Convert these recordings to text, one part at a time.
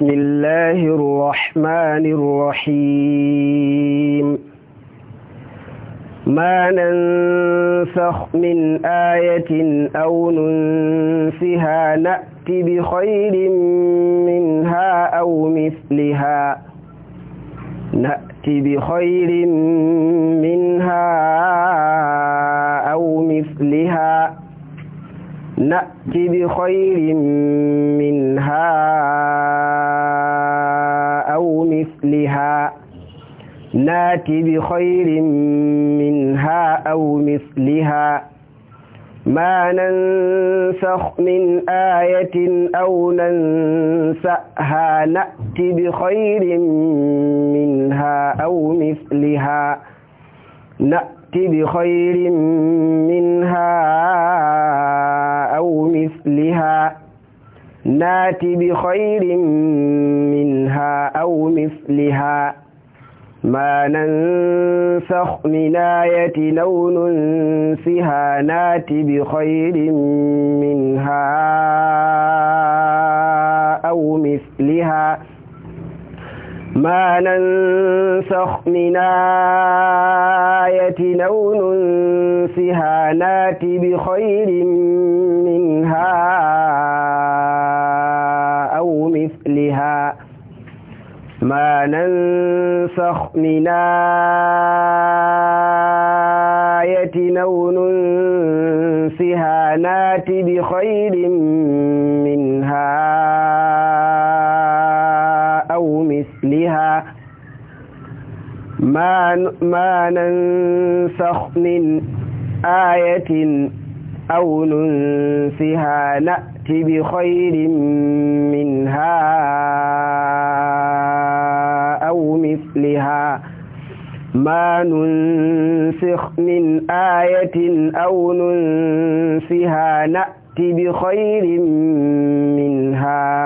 بسم الله الرحمن الرحيم ما ننسخ من آية أو ننسها نأت بخير منها أو مثلها نأت بخير منها أو مثلها نأت بخير منها مثلها نات بخير منها أو مثلها ما ننسخ من آية أو ننسأها نأت بخير منها أو مثلها نأت بخير منها أو مثلها نات بخير منها مثلها أو مثلها ما ننسخ من آية أو ننسها نات بخير منها أو مثلها ما ننسخ من آية أو ننسها نات بخير منها أو مثلها ما ننسخ من آية أو ننسها نات بخير منها أو مثلها ما, ما ننسخ من آية أو ننسها نأت بخير منها مثلها ما ننسخ من آية أو ننسها نأتي بخير منها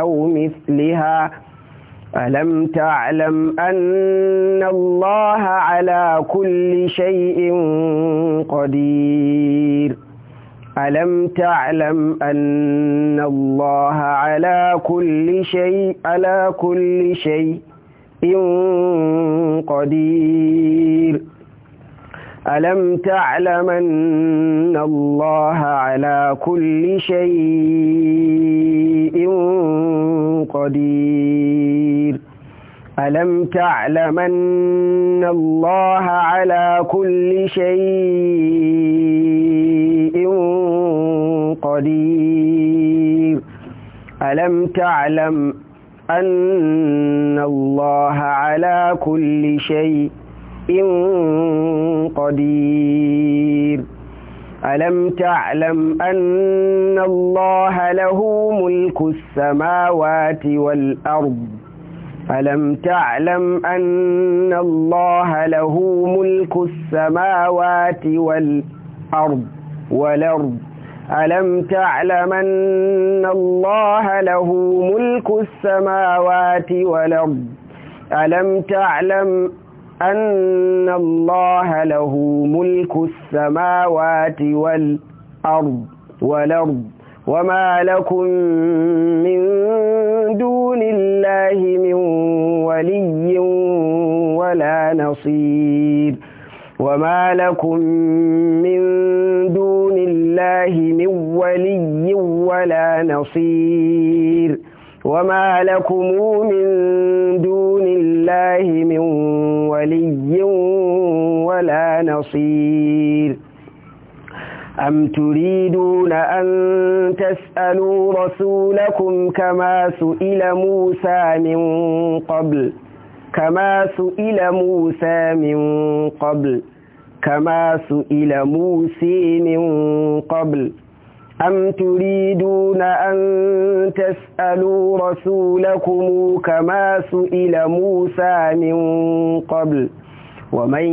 أو مثلها ألم تعلم أن الله على كل شيء قدير ألم تعلم أن الله على كل شيء على كل شيء قدير ألم تعلم أن الله على كل شيء قدير ألم تعلمن الله على كل شيء قدير ألم تعلم أن الله على كل شيء قدير ألم تعلم أن الله له ملك السماوات والأرض ألم تعلم أن الله له ملك السماوات والأرض والأرض ألم تعلم أن الله له ملك السماوات والأرض ألم تعلم أن الله له ملك السماوات والأرض والأرض وما لكم من دون الله من ولي ولا نصير وما لكم من دون الله من ولي ولا نصير وما لكم من دون الله من ولي ولا نصير أم تريدون أن تسألوا رسولكم كما سئل موسى من قبل كما سئل موسى من قبل كما سئل موسى من قبل أم تريدون أن تسألوا رسولكم كما سئل موسى من قبل ومن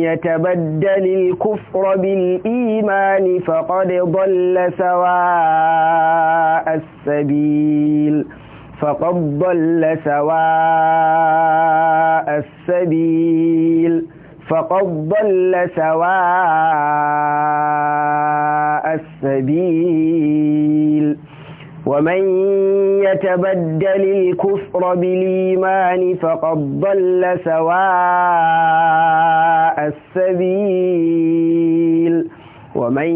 يتبدل الكفر بالإيمان فقد ضل سواء السبيل فقد ضل سواء السبيل فقد ضل سواء السبيل ومن يتبدل الكفر بالإيمان فقد ضل سواء السبيل ومن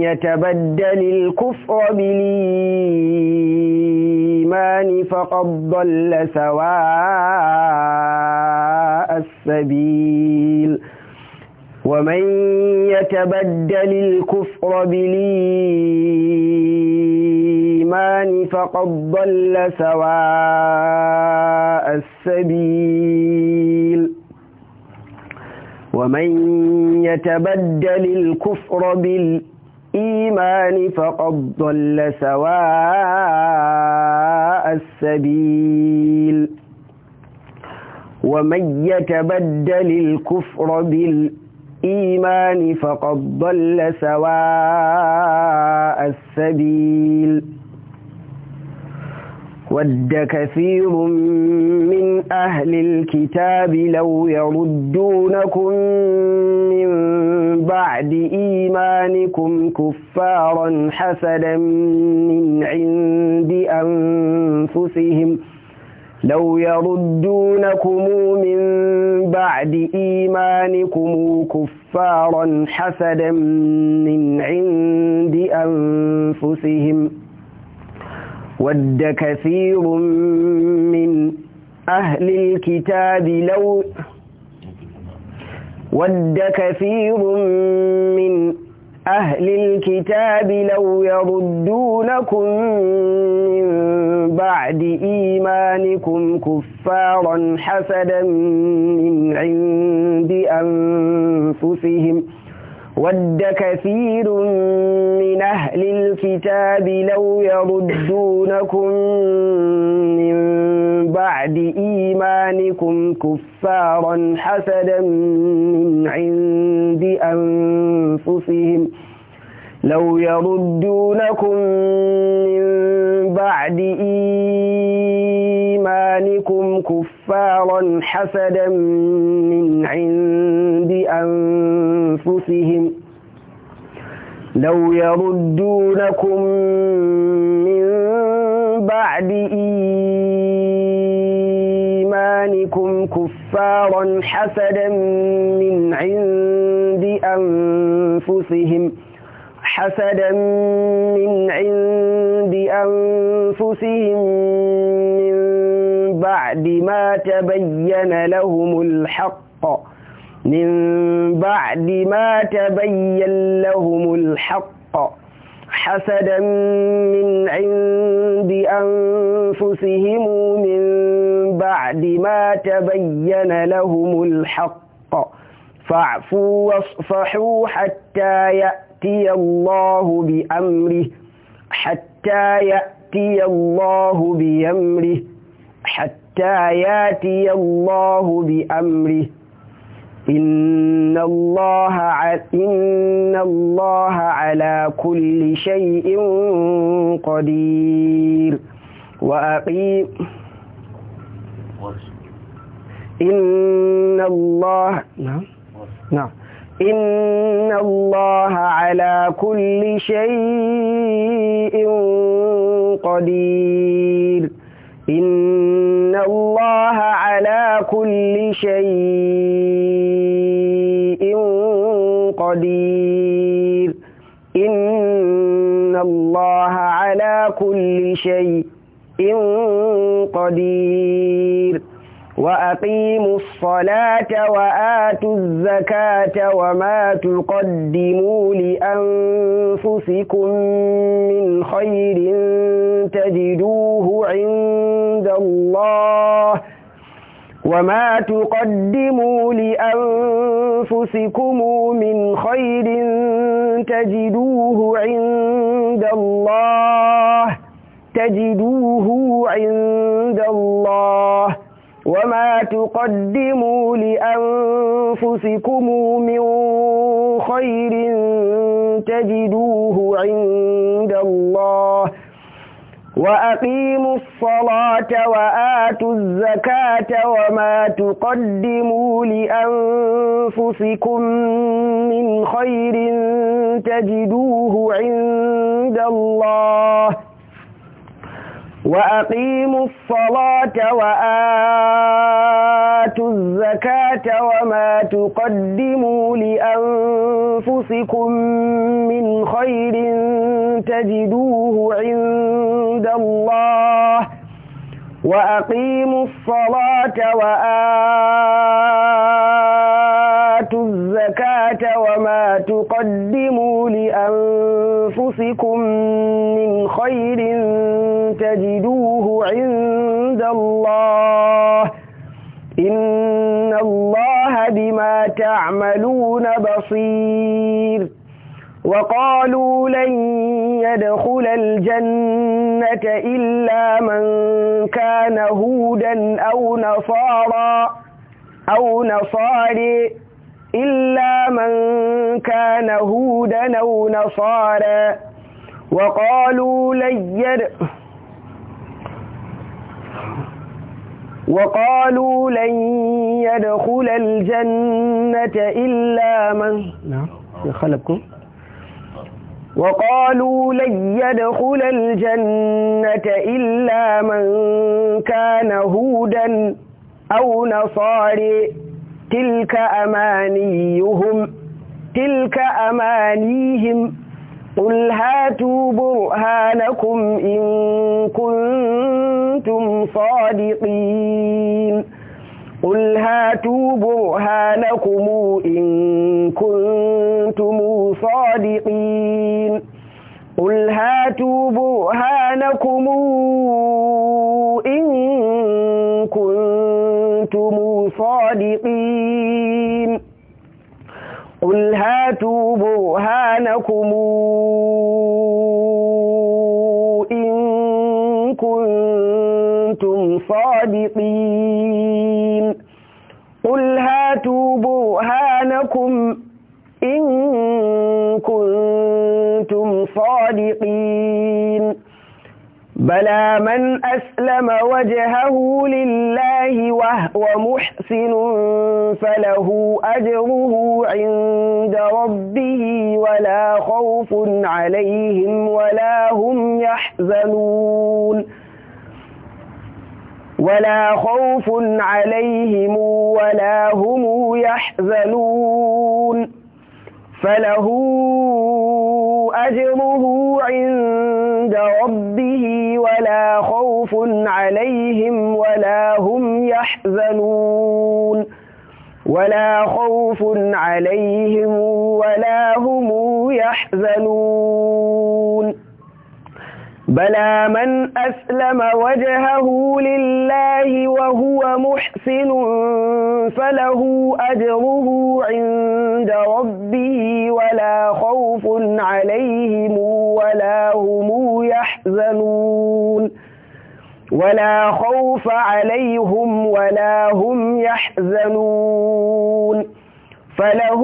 يتبدل الكفر بالإيمان فقد ضل سواء السبيل ومن يتبدل الكفر بالإيمان القرآن فقد ضل سواء السبيل ومن يتبدل الكفر بالإيمان فقد ضل سواء السبيل ومن يتبدل الكفر بالإيمان فقد ضل سواء السبيل ود كثير من أهل الكتاب لو يردونكم من بعد إيمانكم كفارا حسدا من عند أنفسهم لو يردونكم من بعد إيمانكم كفارا حسدا من عند أنفسهم ود كثير من أهل الكتاب لو ود كثير من أهل الكتاب لو يردونكم من بعد إيمانكم كفارا حسدا من عند أنفسهم ۖ ود كثير من أهل الكتاب لو يردونكم من بعد إيمانكم كفارا حسدا من عند أنفسهم لو يردونكم من بعد إيمانكم كفارا حسدا من عند أنفسهم أنفسهم لو يردونكم من بعد إيمانكم كفارا حسدا من عند أنفسهم حسدا من عند أنفسهم من بعد ما تبين لهم الحق من بعد ما تبين لهم الحق حسدا من عند أنفسهم من بعد ما تبين لهم الحق فاعفوا واصفحوا حتى يأتي الله بأمره حتى يأتي الله بأمره حتى يأتي الله بأمره إن الله إن الله على كل شيء قدير وأقيم إن الله نعم نعم إن الله على كل شيء قدير إن الله على كل شيء قدير إن الله على كل شيء قدير وأقيموا الصلاة وآتوا الزكاة وما تقدموا لأنفسكم من خير تجدوه عند الله وما تقدموا لأنفسكم أنفسكم من خير تجدوه عند الله تجدوه عند الله وما تقدموا لأنفسكم من خير تجدوه عند الله وأقيموا الصلاة وآتوا الزكاة وما تقدموا لأنفسكم من خير تجدوه عند الله وأقيموا الصلاة وآتوا الزكاة وما تقدموا لأنفسكم من خير تجدوه عند الله وأقيموا الصلاة وآتوا الزكاة وما تقدموا لأنفسكم من خير تجدوه تجدوه عند الله إن الله بما تعملون بصير وقالوا لن يدخل الجنة إلا من كان هودا أو نصارى أو نصاري إلا من كان هودا أو نصارى وقالوا لن يدخل وقالوا لن يدخل الجنة إلا من نعم خلقكم وقالوا لن يدخل الجنة إلا من كان هودا أو نصاري تلك أمانيهم تلك أمانيهم قل هاتوا برهانكم إن كنتم صادقين قل هاتوا برهانكم إن كنتم صادقين قل هاتوا برهانكم إن كنتم صادقين قل هاتوا برهانكم إن كنتم صادقين قل هاتوا برهانكم إن كنتم صادقين بلى من أسلم وجهه لله ومحسن فله أجره عند ربه ولا خوف عليهم ولا هم يحزنون ولا خوف عليهم ولا هم يحزنون فله أجره عند ربه ولا خوف عليهم ولا يحزنون ولا خوف عليهم ولا هم يحزنون بلى من أسلم وجهه لله وهو محسن فله أجره عند ربه ولا خوف عليهم ولا هم يحزنون ولا خوف عليهم ولا هم يحزنون فله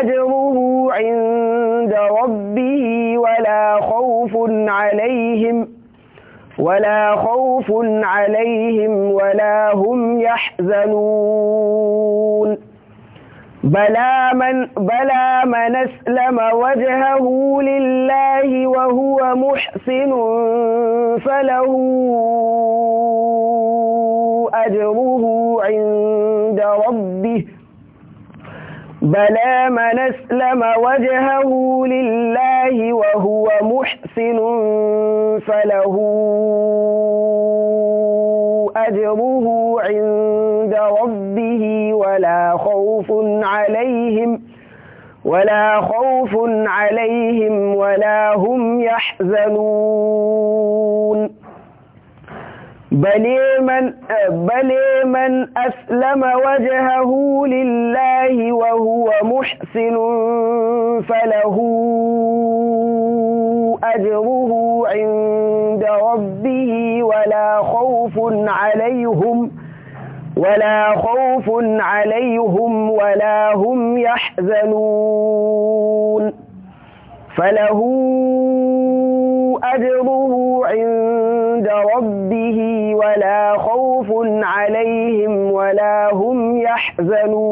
أجره عند ربه ولا خوف عليهم ولا خوف عليهم ولا هم يحزنون بلى من بلى من اسلم وجهه لله وهو محسن فله اجره عند ربه بلى من اسلم وجهه لله وهو محسن فله أجره عند ربه ولا خوف عليهم ولا خوف عليهم ولا هم يحزنون بل من, بل من أسلم وجهه لله وهو محسن فله أجره عند ربه ولا خوف عليهم ولا خوف عليهم ولا هم يحزنون فله أجره عند ربه ولا خوف عليهم ولا هم يحزنون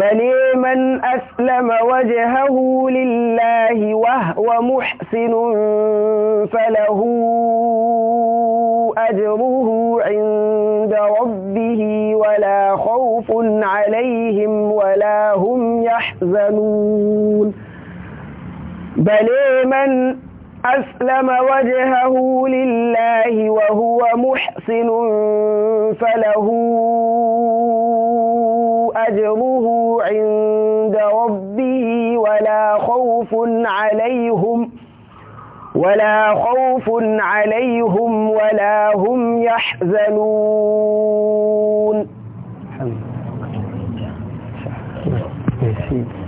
بني من أسلم وجهه لله وهو محسن فله أجره عند ربه ولا خوف عليهم ولا هم يحزنون بل من أسلم وجهه لله وهو محسن فله أجره عند ربه ولا خوف عليهم ولا خوف عليهم ولا هم يحزنون Merci.